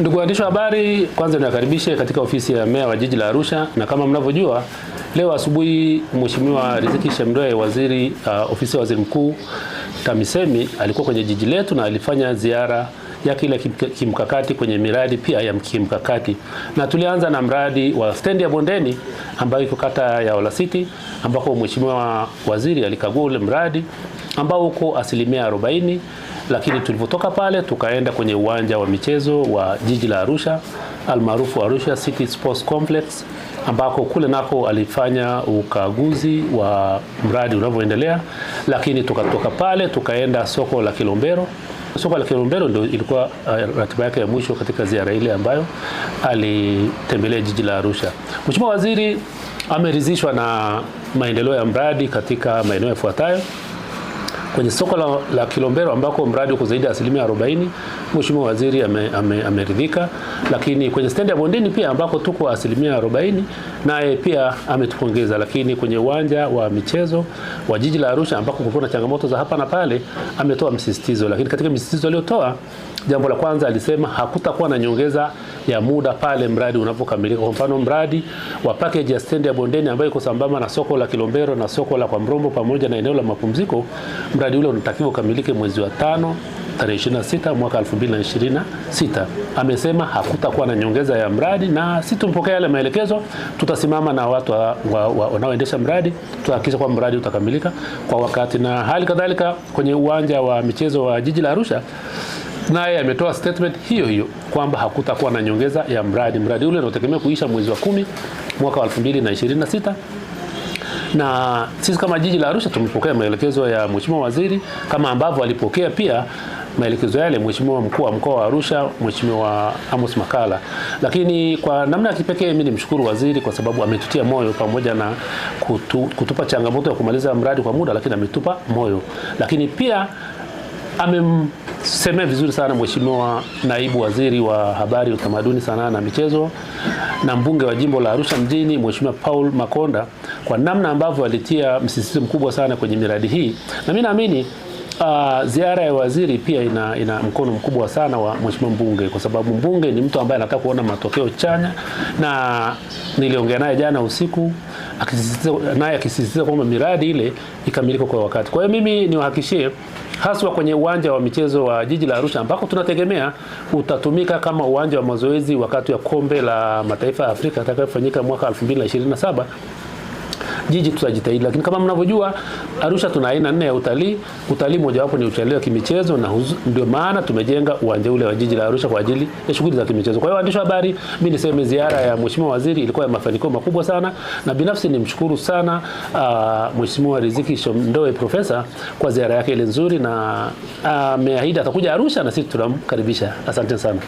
Ndugu waandishi wa habari, kwanza niwakaribishe katika ofisi ya meya wa jiji la Arusha, na kama mnavyojua leo asubuhi Mheshimiwa Riziki Shemdoe, waziri uh, ofisi ya waziri mkuu TAMISEMI alikuwa kwenye jiji letu na alifanya ziara ya kile kimkakati kwenye miradi pia ya kimkakati, na tulianza na mradi wa stendi ya Bondeni ambayo iko kata ya City, ambako mheshimiwa waziri alikagua ule mradi ambao uko asilimia arobaini, lakini tulivyotoka pale tukaenda kwenye uwanja wa michezo wa jiji la Arusha almaarufu Arusha City Sports Complex ambako kule nako alifanya ukaguzi wa mradi unavyoendelea, lakini tukatoka pale tukaenda soko la Kilombero Soko la Kilombero ndio ilikuwa uh, ratiba yake ya mwisho katika ziara ile ambayo alitembelea jiji la Arusha. Mheshimiwa Waziri ameridhishwa na maendeleo ya mradi katika maeneo yafuatayo. Kwenye soko la, la Kilombero ambako mradi uko zaidi ya asilimia 40, Mheshimiwa Waziri ameridhika ame, ame, lakini kwenye stendi ya Bondeni pia ambako tuko asilimia 40, naye pia ametupongeza. Lakini kwenye uwanja wa michezo wa jiji la Arusha ambako kulikuwa na changamoto za hapa na pale, ametoa msisitizo. Lakini katika msisitizo aliyotoa, jambo la kwanza alisema hakutakuwa na nyongeza ya muda pale mradi unapokamilika. Kwa mfano mradi wa package ya stendi ya Bondeni ambayo iko sambamba na soko la Kilombero na soko la kwa Mrombo pamoja na eneo la mapumziko, mradi ule unatakiwa ukamilike mwezi wa tano tarehe 26 mwaka 2026. Amesema hakutakuwa na nyongeza ya mradi, na si tumpokea yale maelekezo. Tutasimama na watu wanaoendesha wa, wa, mradi, tutahakikisha kwamba mradi utakamilika kwa wakati, na hali kadhalika kwenye uwanja wa michezo wa jiji la Arusha naye ametoa statement hiyo hiyo kwamba hakutakuwa na nyongeza ya mradi. Mradi ule unategemea kuisha mwezi wa kumi mwaka wa 2026 na sisi kama jiji la Arusha tumepokea maelekezo ya Mheshimiwa Waziri kama ambavyo alipokea pia maelekezo yale Mheshimiwa Mkuu wa Mkoa wa Arusha Mheshimiwa Amos Makala. Lakini kwa namna ya kipekee mimi nimshukuru waziri kwa sababu ametutia moyo pamoja na kutu, kutupa changamoto ya kumaliza mradi kwa muda, lakini ametupa moyo, lakini pia amemsemea vizuri sana Mheshimiwa Naibu Waziri wa Habari, Utamaduni, Sanaa na Michezo na mbunge wa jimbo la Arusha mjini Mheshimiwa Paul Makonda kwa namna ambavyo alitia msisitizo mkubwa sana kwenye miradi hii, na mimi naamini Uh, ziara ya waziri pia ina, ina mkono mkubwa sana wa mheshimiwa mbunge, kwa sababu mbunge ni mtu ambaye anataka kuona matokeo chanya, na niliongea naye jana usiku naye akisisitiza kwamba miradi ile ikamilika kwa wakati. Kwa hiyo mimi niwahakishie haswa kwenye uwanja wa michezo wa jiji la Arusha ambako tunategemea utatumika kama uwanja wa mazoezi wakati wa kombe la mataifa ya Afrika atakayofanyika mwaka 2027 jiji tutajitahidi, lakini kama mnavyojua Arusha tuna aina nne ya utalii. Utalii mojawapo ni utalii wa kimichezo, na ndio maana tumejenga uwanja ule wa jiji la Arusha kwa ajili ya shughuli za kimichezo. Kwa hiyo, waandishi wa habari, mimi niseme ziara ya mheshimiwa waziri ilikuwa ya mafanikio makubwa sana, na binafsi nimshukuru sana uh, mheshimiwa Riziki Shomndoe profesa kwa ziara yake ile nzuri, na ah, ameahidi uh, atakuja Arusha na sisi tunamkaribisha. Asante sana.